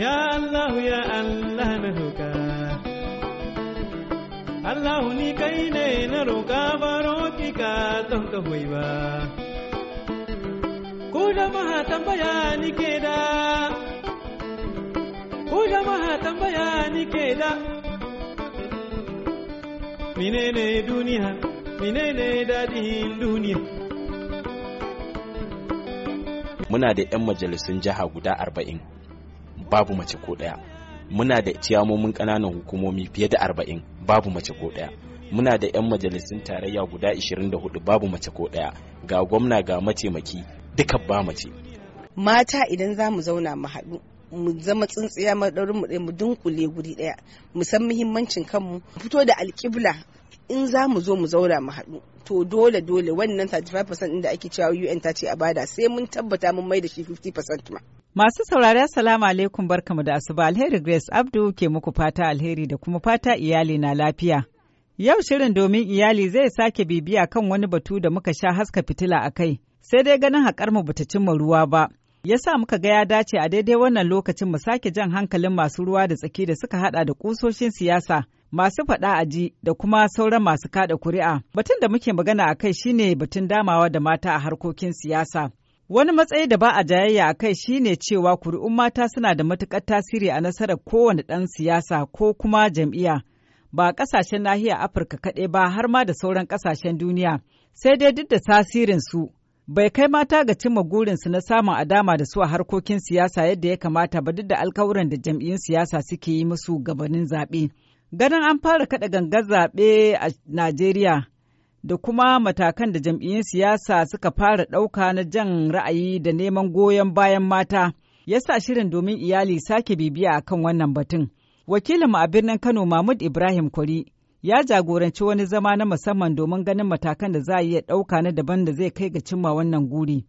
Ya Allah ya Allah na roƙa Allah ni kai ne na roƙa baro ki ka don ka hoyi tambaya ni ke da Ku tambaya ni ke da Menene duniya menene duniya muna da 'yan majalisun jiha guda arba'in babu mace ko ɗaya muna da ciyamomin ƙananan hukumomi fiye da arba'in babu mace ko ɗaya muna da 'yan majalisun tarayya guda 24 babu mace ko ɗaya ga gwamna ga mace-maki duka ba mace mata idan za mu zauna mu haɗu mu zama tsintsiya maɗaurin mu ɗaya mu dunkule guri ɗaya mu san muhimmancin kanmu fito da alƙibla in za mu zo mu zaura mu haɗu to dole dole wannan 35% inda ake cewa UN ta ce a bada sai mun tabbata mun mai da shi 50% ma. Masu saurari assalamu alaikum barkamu da asuba alheri Grace Abdu ke muku fata alheri da kuma fata iyali na lafiya. Yau shirin domin iyali zai sake bibiya kan wani batu da muka sha haska fitila a kai sai dai ganin haƙar mu bata cimma ruwa ba. Ya sa muka ga ya dace a daidai wannan lokacin mu sake jan hankalin masu ruwa da tsaki da suka hada da kusoshin siyasa, masu faɗa a ji da kuma sauran masu kada kuri'a. Batun da muke magana a kai shine batun damawa da mata a harkokin siyasa. Wani matsayi da ba a jayayya a kai shine cewa kuri'un mata suna da matukar tasiri a nasarar kowane ɗan siyasa ko kuma jam'iyya. Ba ƙasashen nahiyar Afirka kaɗai ba har ma da sauran ƙasashen duniya. Sai dai duk da tasirinsu, bai kai mata ga cimma gurinsu na samun adama da su a harkokin siyasa yadda ya kamata ba duk da alkawuran da jam'iyyun siyasa suke yi musu gabanin zaɓe. Ganin an fara kaɗa gangar zaɓe a Najeriya da kuma matakan da jam'iyyun siyasa suka fara ɗauka na jan ra'ayi da neman goyon bayan mata ya sa shirin domin iyali sake bibiya a kan wannan batun. Wakilinmu a birnin Kano Mahmud Ibrahim Kwari ya jagoranci wani zama na musamman domin ganin matakan da za a iya ɗauka na daban da zai kai ga cimma wannan guri.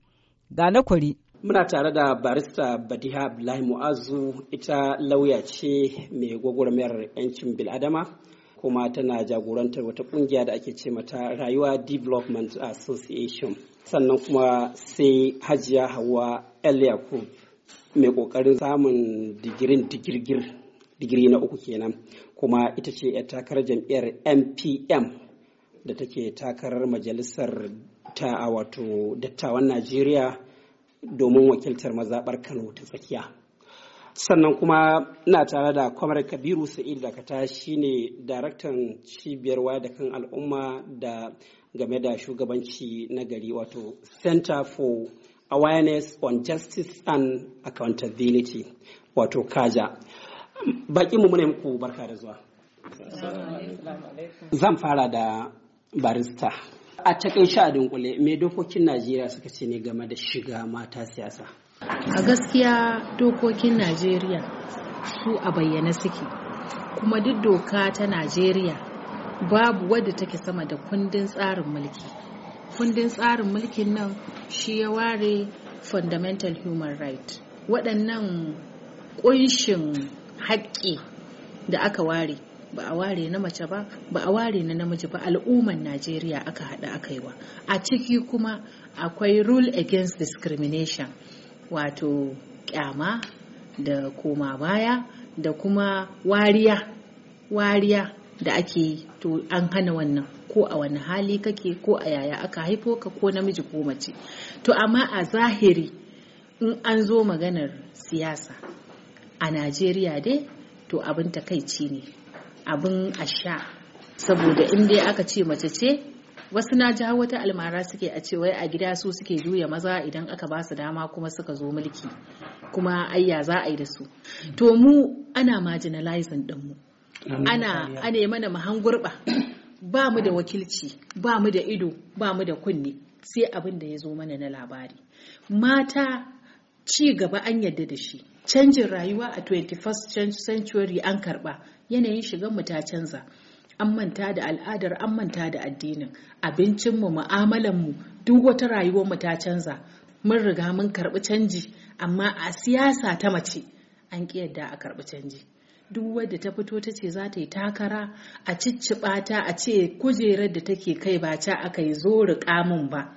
Ga na kwari. Muna tare da barista Badiha Abdullahi Mu'azu ita lauya ce mai gwagwarmayar 'yancin bil'adama kuma tana jagorantar wata kungiya da ake ce mata Rayuwa Development Association. Sannan kuma sai Hajiya Hauwa El mai kokarin samun digirin digirgir digiri na uku kenan kuma ita ce ya takar jam'iyyar mpm da take takarar majalisar ta a wato dattawan najeriya domin wakiltar mazaɓar kano ta tsakiya sannan kuma na tare da kwamar kabiru sa'id shi shine daraktan cibiyar waya da kan al'umma da game da shugabanci na gari wato center for awareness on justice and accountability wato kaja baƙi mu muna muku barka da zuwa zan fara da barista a cikin sha dunkule me dokokin najeriya suka ce ne game da shiga mata siyasa a gaskiya dokokin najeriya su a bayyane suke kuma duk doka ta najeriya babu wadda take sama da kundin tsarin mulki kundin tsarin mulkin nan shi ya ware fundamental human right waɗannan ƙunshin haƙƙi da aka ware ba a ware na mace ba ba a ware na namiji ba al'umman najeriya aka haɗa aka yi wa a ciki kuma akwai rule against discrimination wato ƙyama da koma baya da kuma wariya wariya da ake yi to an hana wannan ko a wani hali kake ko a yaya aka haifo ka ko namiji ko mace to amma a zahiri in an zo maganar siyasa a najeriya dai to abin takaici ne abin a sha saboda in dai aka ce mace ce wasu na jawo wata almara suke a ce wai a gida su suke juya maza idan aka ba su dama kuma suka zo mulki kuma ayya za a yi da su to mu ana marginalizing mu, ana ana mana mahangurba ba mu da wakilci ba mu da ido ba mu da kunne sai abin da ya zo mana na labari mata ci gaba an yadda da shi canjin rayuwa a 21st century an karba yanayin shiganmu mu ta canza an manta da al'adar an manta da addinin abincinmu mu'amalanmu duk wata rayuwarmu ta canza mun riga mun karbi canji amma a siyasa ta mace an yadda a karbi canji duk wadda ta fito ta ce za ta yi takara a cicciɓa ta a ce kujerar da take kai ba ta aka yi zo riƙa mun ba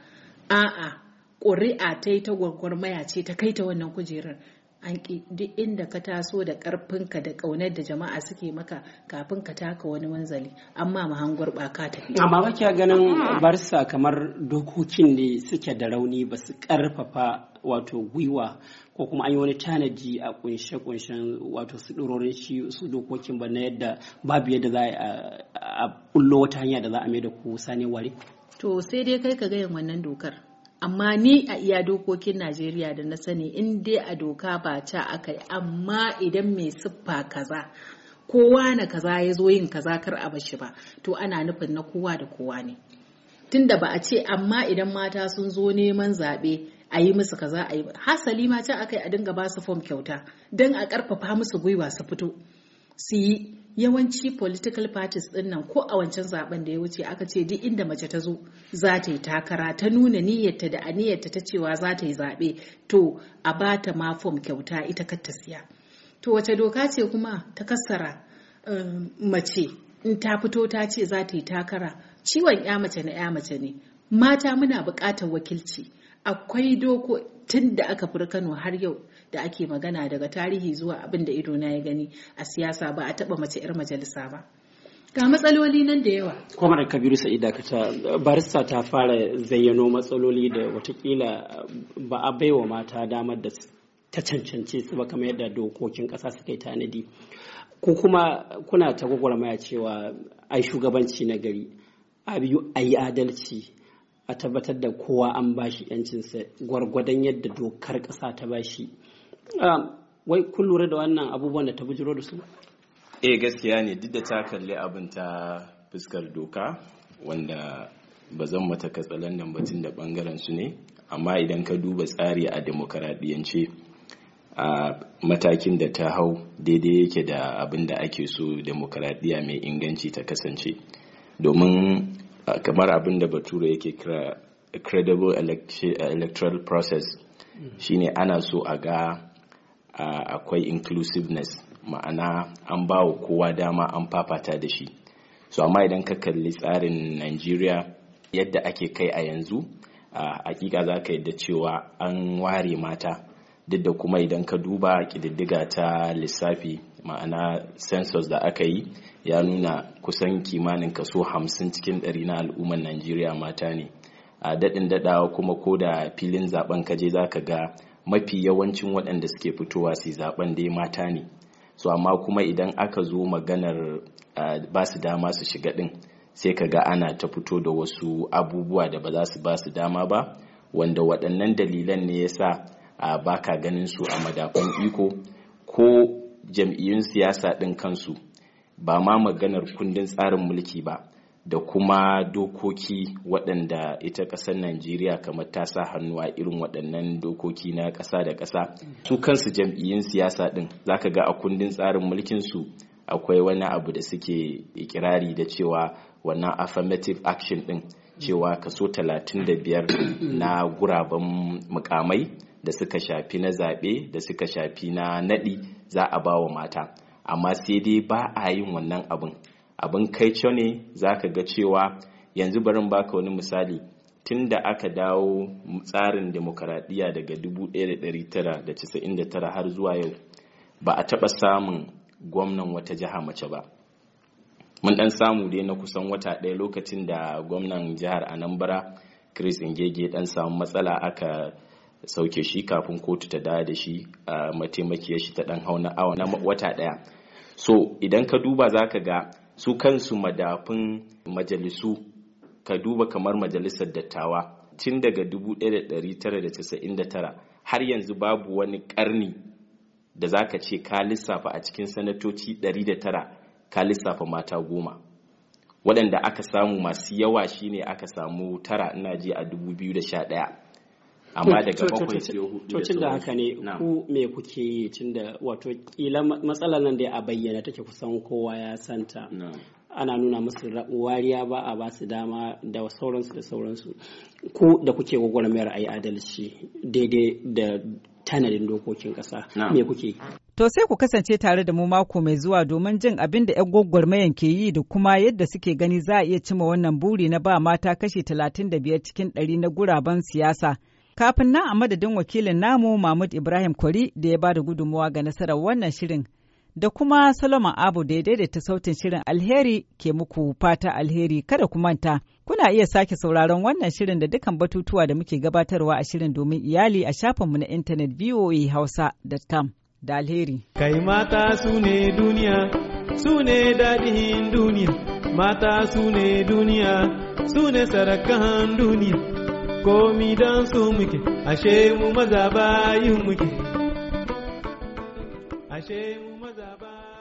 a'a ƙuri'a ta yi ta gwagwarmaya ce ta kai ta wannan kujerar an ƙi duk inda ka taso da karfinka da ƙaunar da jama'a suke maka kafin ka taka wani manzali amma mahangwar ba ka tafi amma ba kya ganin barsa kamar dokokin ne suke da rauni ba su karfafa wato gwiwa ko kuma an yi wani tanaji a kunshe-kunshen wato su ɗororin shi su dokokin ba na yadda babu yadda za a bullo wata hanya da za a mai da ku sani ware to sai dai kai ka ga yin wannan dokar amma ni a iya dokokin najeriya da na sani in dai a doka ba ta aka yi amma idan mai siffa kaza kowa na kaza ya zo yin kaza kar a bashi ba to ana nufin na kowa da kowa ne tunda ba a ce amma idan mata sun zo neman zaɓe a yi musu kaza a yi hasali ma aka yi a dinga ba su fom kyauta don a ƙarfafa musu gwiwa su fito su yi yawanci political parties din nan ko a wancan zaben da ya wuce aka ce duk inda mace ta zo za ta yi takara ta nuna niyyarta da aniyarta ta cewa za ta yi zaɓe to a ba ta ma fom kyauta ita kar siya to wace doka ce kuma ta kassara um, mace in ta fito ta ce za ta yi takara ciwon ya mace na ya mace ne mata muna buƙatar wakilci akwai doko tun da aka fura Kano har yau da ake magana daga tarihi zuwa abin da ido na ya gani a siyasa ba a taba mace 'yar majalisa ba. ga matsaloli nan da yawa. da Kabiru Sa'ida kata barista ta fara zayyano matsaloli da watakila ba a baiwa mata damar da ta cancanci su ba kamar yadda dokokin ƙasa suka yi tanadi. Ko kuma kuna ta gwagwarmaya cewa ai shugabanci na gari, a biyu a yi adalci, a tabbatar da kowa an bashi 'yancinsa gwargwadon yadda dokar ƙasa ta bashi. Um, wai kun lura da wannan abubuwan da ta bujiro da su eh gaskiya ne duk da ta kalli abin ta fuskar doka wanda ba zan mata katsalan nan batun da bangaren su ne amma idan ka duba tsari a demokaradiyance a matakin da ta hau daidai yake da abin da ake so demokaradiyya mai inganci ta kasance domin kamar abin da bature yake kira credible electoral process mm-hmm. shine ana so a ga akwai inclusiveness ma'ana an ba wa kowa dama an fafata da shi so amma idan ka kalli tsarin Najeriya yadda ake kai a yanzu a hakika za ka yadda cewa an ware mata duk da kuma idan ka duba ƙididdiga ta lissafi ma'ana census da aka yi ya nuna kusan kimanin kaso 50 cikin ɗari na al'ummar najeriya mata ne a daɗin daɗawa kuma ko da filin zaben kaje za ka ga mafi yawancin waɗanda suke fitowa su zaben dai mata ne so amma kuma idan aka zo maganar ah, ba su dama su shiga ɗin sai ka ga ana ta fito da wasu abubuwa da ba za su ba su dama ba wanda waɗannan dalilan ne ya sa ah, ba ka ganin su a madafan iko ko jam'iyyun siyasa ɗin kansu ba ma maganar kundin tsarin mulki ba da kuma dokoki waɗanda ita ƙasar Najeriya kamar ta sa hannu a irin waɗannan dokoki na ƙasa da ƙasa. Su kansu jam'iyyun siyasa ɗin za ka ga a kundin tsarin mulkin su akwai wani abu da suke ikirari da cewa wannan affirmative action ɗin cewa kaso 35 na guraben mukamai da suka shafi na zaɓe da suka shafi na naɗi za a ba wa mata. Amma sai dai ba a yin wannan abin abin kai kaico ne za ka ga cewa yanzu barin baka wani misali tun da aka dawo tsarin demokaradiyya daga 1999 har zuwa yau ba a taɓa samun gwamnan wata jiha mace ba mun ɗan samu dai na kusan wata ɗaya lokacin da gwamnan jihar anambra chris ingege ɗan samu matsala aka sauke shi kafin kotu ta dawo da shi a ah, mataimakiyar shi ta ɗan hau na awa na wata ɗaya so idan ka duba za ka ga su kansu madafin majalisu ka duba kamar majalisar dattawa tun daga 1999 har yanzu babu wani karni da za ka ce ka lissafa a cikin sanatoci 109 ka lissafa mata goma waɗanda aka samu masu yawa shine aka samu tara ina ji a 2011 amma daga bakwai sai hudu to cin da haka ne ku me kuke yi tun da wato kila matsalar nan da ya bayyana take kusan kowa ya santa ana nuna musu wariya ba a ba su dama da sauransu da sauransu ku da kuke gwagwarmayar ayi adalci daidai da tanadin dokokin kasa me kuke To sai ku kasance tare da mu mako mai zuwa domin jin abin da 'yan gwaggwarmayan ke yi da kuma yadda suke gani za a iya cima wannan buri na ba mata kashi 35 cikin 100 na guraben siyasa. Kafin nan a madadin wakilin namu Mahmud Ibrahim Kwari da ya bada gudunmawa ga nasarar wannan shirin da kuma Solomon Abu da ya daidaita sautin shirin alheri ke muku fata alheri kada ku manta. Kuna iya sake sauraron wannan shirin da dukan batutuwa da muke gabatarwa a shirin domin iyali a shafinmu na intanet voahausa.com da alheri. Kai mata su ne duniya, su ne daɗin duniya, mata su ne duniya, su ne sarakan duniya. komi don su muke ashe mu maza bayin muke ashe mu maza bayin